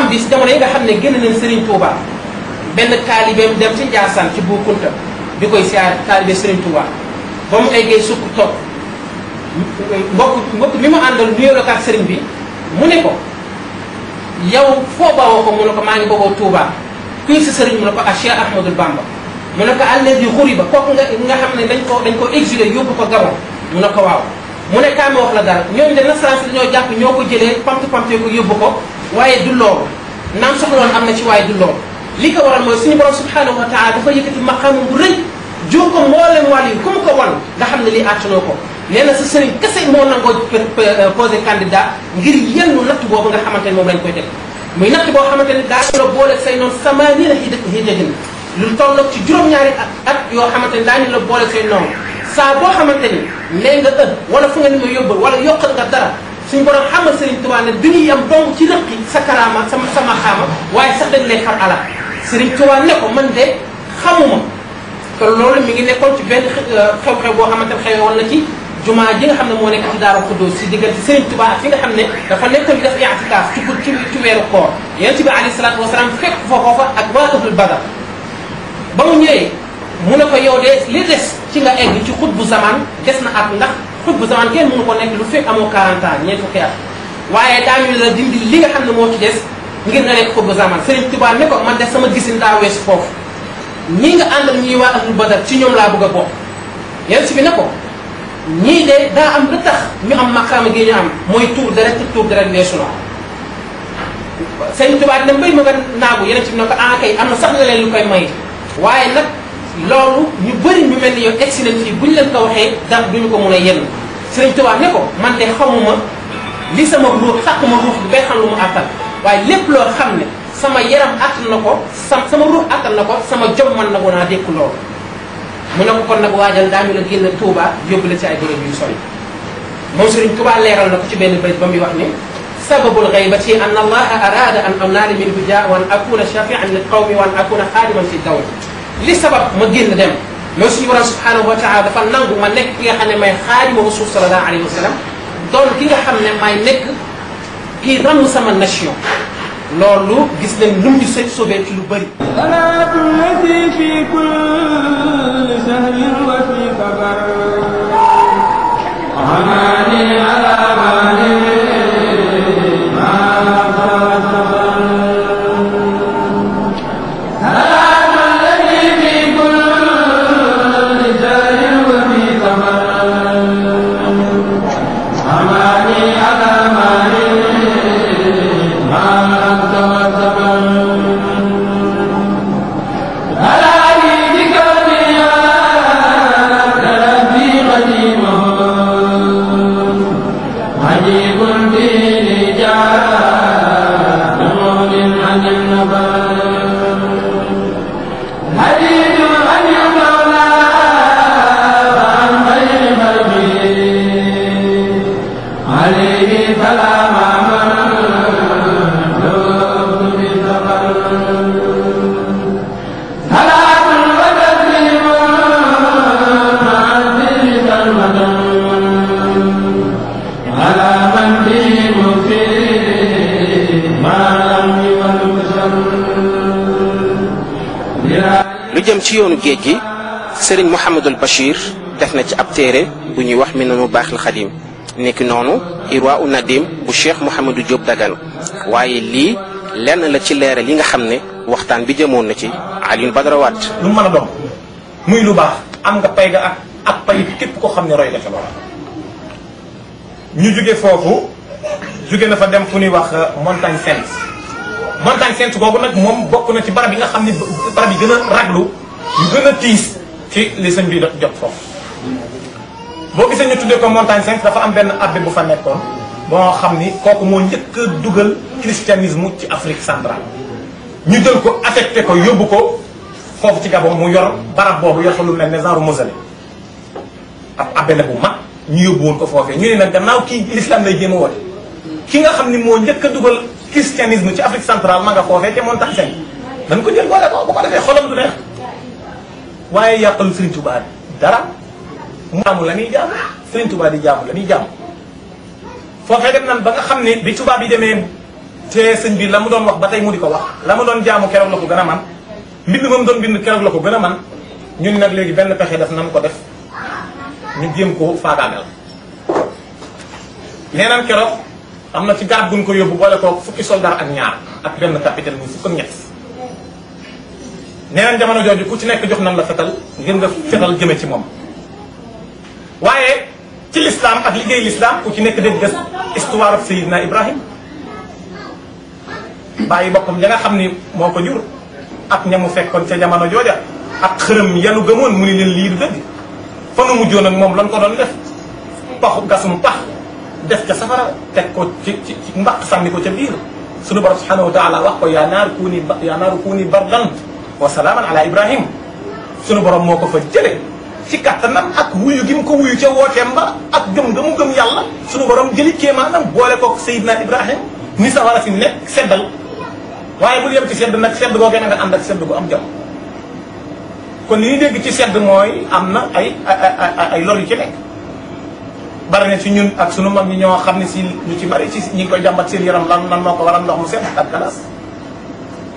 am bis jamono nga xam ne génn nañ Serigne Touba benn taalibeem dem ci Ndiassane ci Boukounta di koy siyaar taalibe Serigne Touba ba mu eggee sukk toog mbokk mbokk mi mu àndal nuyoo la ak bi mu ne ko yow foo bawoo ko ko maa ngi bawoo si Serigne mu ne ko ah Cheikh Ahmadou Bamba mu ne ko àlleer yu xuri ba kooku nga xam ne dañ ko dañ ko exilé yóbbu ko Gabon mu ne ko waaw mu ne kaay ma wax la dara ñoom de nasaraan si dañoo jàpp ñoo ko jëlee pamti pamti ko yóbbu ko waye du loolu naam soxla won amna ci waye du loolu li ko waral moy suñu borom subhanahu wa taala dafa yëkkati maqam bu reñ jur ko mboolem wali kum ko won nga xam li lii ko neena sa serigne kesse mo nango poser candidat ngir yennu natt bobu nga xamante mom lañ koy def muy natt bo xamante da daa la boole say non noonu hidat hidatin lu tollok ci juróom-ñaari at yo yoo dañu la boole say non sa bo xamante ne nga ëpp wala fu nga ni yóbbal wala yokkal nga dara suñ borom xamal Serigne Touba ne dañuy yam dong ci rëqi sa karaama sama sama xaama waaye sax dañ lay xar ala Serigne Touba ne ko man de xamuma te loolu mi ngi nekkoon ci benn xew-xew boo xamante ne xewoon na ci jumaa ji nga xam ne moo nekk ci Daaru Xuddoos si diggante Serigne Touba ak fi nga xam ne dafa nekkoon di def i'tikaaf ci ci ci weeru koor yonent bi alayhi salaatu wasalaam fekk fa foofa ak waa ahlul badar ba mu ñëwee mu ne ko yow de li des ci nga egg ci xut bu zaman des na at ndax xutbu zaman kenn mënu ko nekk lu fekk amoo 40 ans ñeent fukki at waaye daañu la dindi li nga xam ne moo ci des ngir nga nekk xutbu zaman Sëriñ Tuubaa ne ko man de sama gisin daa weesu foofu ñii nga àndal ñuy waa ahlul badar ci ñoom laa bugg a bokk yan si bi ne ko ñii de daa am lu tax ñu am maqaama gi ñu am mooy tuur deret te tuur deret weesu na Sëriñ Tuubaa ne mbay ma nga naagu yeneen ci bi ne ko ah am na sax nga leen lu koy may waaye nag loolu ñu bëri ñu mel ni yow egsi nañ buñ leen ko waxee dara duñu ko mun a yenn sëriñ Tuubaa ne ko man de xamuma li sama ruux sàkkuma ruux bi bay xam lu mu àttal waaye lépp loo xam ne sama yaram àttal na ko sam sama ruux àttal na ko sama jom man nangu naa dékku loolu mu ne ko kon nag waajal daañu la génn Tuubaa yóbbu la ci ay bërëb yu sori moom sëriñ Tuubaa leeral na ko ci benn bërëb ba muy wax ni sababul gaybati an allaha arada an anaala min hujaa wa an akuna shafian lil qawmi wa an akuna xaadiman fi dawla li sabab ma génn dem موسي يوران سبحانه وتعالى دفع نانغو ما نك كي خاني ماي خادم رسول صلى الله عليه وسلم دون كي خاني ماي نك كي رانو سما ناسيون لولو غيس نين نوم دي سيت سوبيت لو بري انا التي في كل سهل وفي خبر jëm ci yoonu géej gi sëriñ Mouhamadul Bachir def na ci ab téere bu ñuy wax Minanu Baaxil Xadim nekk noonu Irwa u Nadim bu Cheikh Mouhamadou Diop Dagana waaye lii lenn la ci leeral yi nga xam ne waxtaan bi jëmoon na ci Alioune Badara Wade lu mën a doon muy lu baax am nga pay ga ak ak pay képp koo xam ne roy nga ca loola ñu jóge foofu jóge na fa dem fu ñuy wax montagne sainte montagne sainte googu nag moom bokk na ci barab yi nga xam ne barab yi gën a raglu yu gën a tiis ci li sëñ bi jot foofu boo gisee ñu tuddee ko montagne sainte dafa am benn abbé bu fa nekkoon moo xam ni kooku moo njëkk a dugal christianisme ci Afrique centrale ñu jël ko affecté ko yóbbu ko foofu ci Gabon mu yor boobu yor fa lu mel ne genre mausolée ab ñu yóbbu woon ko foofee ñu ne gannaaw kii l'islam lay jéem ki nga xam ni moo njëkk a dugal christianisme ci Afrique centrale ma nga foofee te montagne sainte dañ ko jël boole ko bu ko defee xolam du neex waaye yàqalu Serigne Touba dara mu jaamu la ñuy jaamu Serigne Touba di jaamu la ñuy jaamu foofee dem nan ba nga xam ne bi Touba bi demee te sëñ bi la mu doon wax ba tey mu di ko wax la mu doon jaamu keroog la ko gën a man mbind moom doon bind keroog la ko gën a man ñun nag léegi benn pexe def nan ko def ñu jéem ko faagaanel nee naan keroog am na ci garab guñ ko yóbbu boole ko fukki soldat ak ñaar ak benn capitaine bu fukk ak ñett neeneen jamono jooju ku ci nekk jox nan la fetal ngeen nga fetal jëme ci moom waaye ci lislaam ak liggéey lislaam ku ci nekk dégg des histoire ak Seydina Ibrahim bàyyi boppam ya nga xam ni moo ko jur ak ñamu fekkoon se jamono jooja ak xërëm yanu gëmoon mu ni leen lii du fa nu mujjoon ak moom lan ko doon def paxu gasum pax def ca safara teg ko ci ci mbaq sànni ko ca biir sunu borom subhanahu wa taala wax ko yaa naaru wa salaaman ala ibrahim sunu borom moko fa jele ci katanam ak wuyu gim ko wuyu ci wote mba ak gëm gëmu gem yalla sunu borom ke manam boole ko sayidna ibrahim ni wala fi nek seddal waye bul yem ci sedd nak sedd googee na nga and ak sedd go am jam kon ni ñu dégg ci sedd moy amna ay ay lor yu ci nek barane ci ñun ak sunu mag ñi ñoo xamni ci si ñu ci bari ci ñi ko jambat seen yaram lan lan moko waral ndox mu sedd ak kalas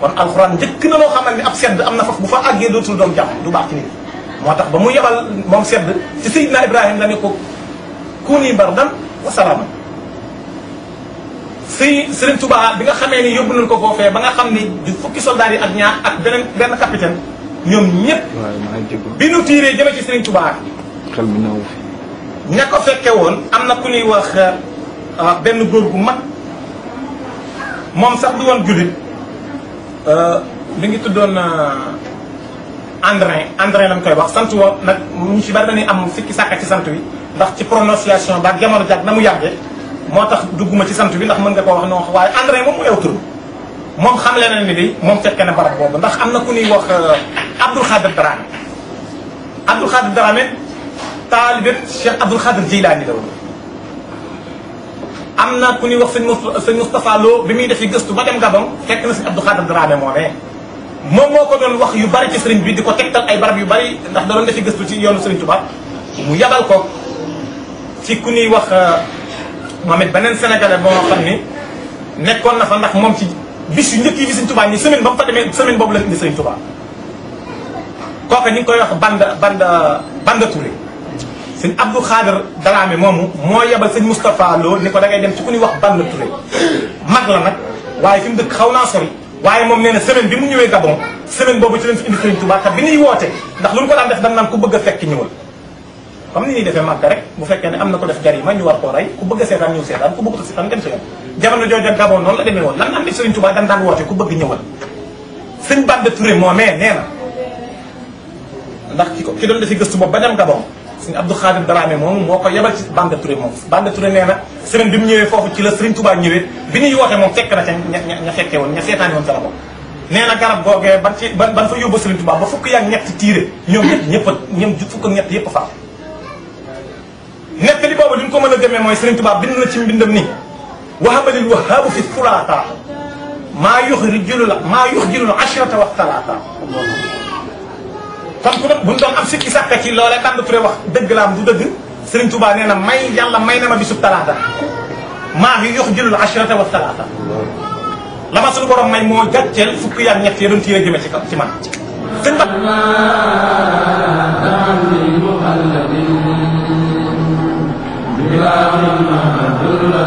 kon alxuraan njëkk na loo xamal ne ab sedd am na foofu bu fa àggee dootul doon jàmm du baax ci moo tax ba mu yebal moom sedd ci Seydina Ibrahima la ne ko kuuni bardan wa salaaman si Serigne Touba bi nga xamee ni yóbbu nañ ko foofee ba nga xam ni du fukki soldats ak ñaar ak beneen benn capitaine ñoom ñëpp bi nu tiiree jëme ci Serigne Touba xel mi naaw woon am na ku ñuy wax ah, benn góor gu mag moom sax du woon Euh, mi ngi tuddoon Andrin euh, Andrin lañ koy wax sant woo nag ñu ci bari dañuy am sikki sàkka ci sant wi ndax ci prononciation ba jamono jàpp na mu yàggee moo tax dugguma ci sant wi ndax mën nga koo wax noonu waaye Andrin moom mu yow turam moom xam le na ni di moom fekke na barab boobu ndax am na ku ñuy wax euh, Abdoul Khadir Dramé Abdoul Khadir Dramé taalibe Cheikh Abdoul Khadir Jilani la am na ku ñuy wax sëñ sëñ Moustapha Lo bi muy defi gëstu ba dem Gabon fekk na sëñ Abdou Khadir Dramé moo moom moo ko doon wax yu bari ci sëriñ bi di ko tegtal ay barab yu bari ndax da doon defi gëstu ci yoonu sëriñ Touba mu yabal ko ci ku ñuy wax euh, moom it beneen sénégalais boo xam ni nekkoon na fa ndax moom ci bis njëkk yi fi sëriñ Touba ñi semaine ba mu fa demee semaine boobu la indi sëriñ Touba kooka ñu ngi koy wax band band band Touré sëñ Abdou Khader Daraame moomu moo yebal sëñ Moustapha Lo ni ko dangay dem ci ku ñuy wax Balla Touré mag la nag waaye fi mu dëkk xaw naa sori waaye moom nee na semaine bi mu ñëwee Gabon semaine boobu ci leen fi indi sëñ bi ñuy woote ndax lu ñu ko daan def dañ a fekk ñëwal comme ni ñuy defee màgg rek bu fekkee ne am na ko def jarima ñu a seetaan ñëw seetaan ku bëgg a seetaan dem sa yoon woon lan am ni sëñ Touba dañ daan woote ku bëgg ñëwal moomee nee ndax ki ko ki doon defi gëstu boobu ba dem Gabon سيني عبد الخالق درامي موم موكو يبال سي باند توري موم باند توري نينا سيرن بيم نيوي فوفو تي لا سيرن توبا نيوي بي ني يوخي موم فك نا تي نيا فكي وون نيا سيتان وون تلا بو نينا غارب غوغي بان سي بان فا يوبو سيرن توبا با فك ياك نيت تيري نيوم نيت نيپ نيم جوت فك نيت ييب فا نيت لي بابو لي نكو مانا ديمي موي توبا بين لا سي بندم ني وهب للوهاب في الثلاثه ما يخرج ما يخرج عشره وثلاثه kon ku doon bu ñu doon am sikki wax dëgg la am du dëgg Serigne Touba nee na may yàlla may na ma bisub talaata maa ngi yox jëlul ashrata wa talaata la ma suñu borom may moo gàcceel fukki yaag ñett yi doon tiire jëme ci kaw